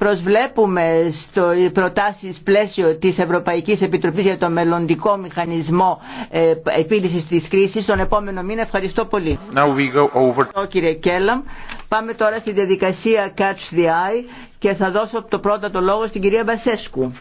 προσβλέπουμε στο προτάσεις πλαίσιο της Ευρωπαϊκής Επιτροπής για το μελλοντικό μηχανισμό ε, επίλυσης της κρίσης τον επόμενο μήνα. Ευχαριστώ πολύ. Now Κύριε Κέλλαμ, πάμε τώρα στη διαδικασία Catch the Eye και θα δώσω το πρώτο το λόγο στην κυρία Μπασέσκου.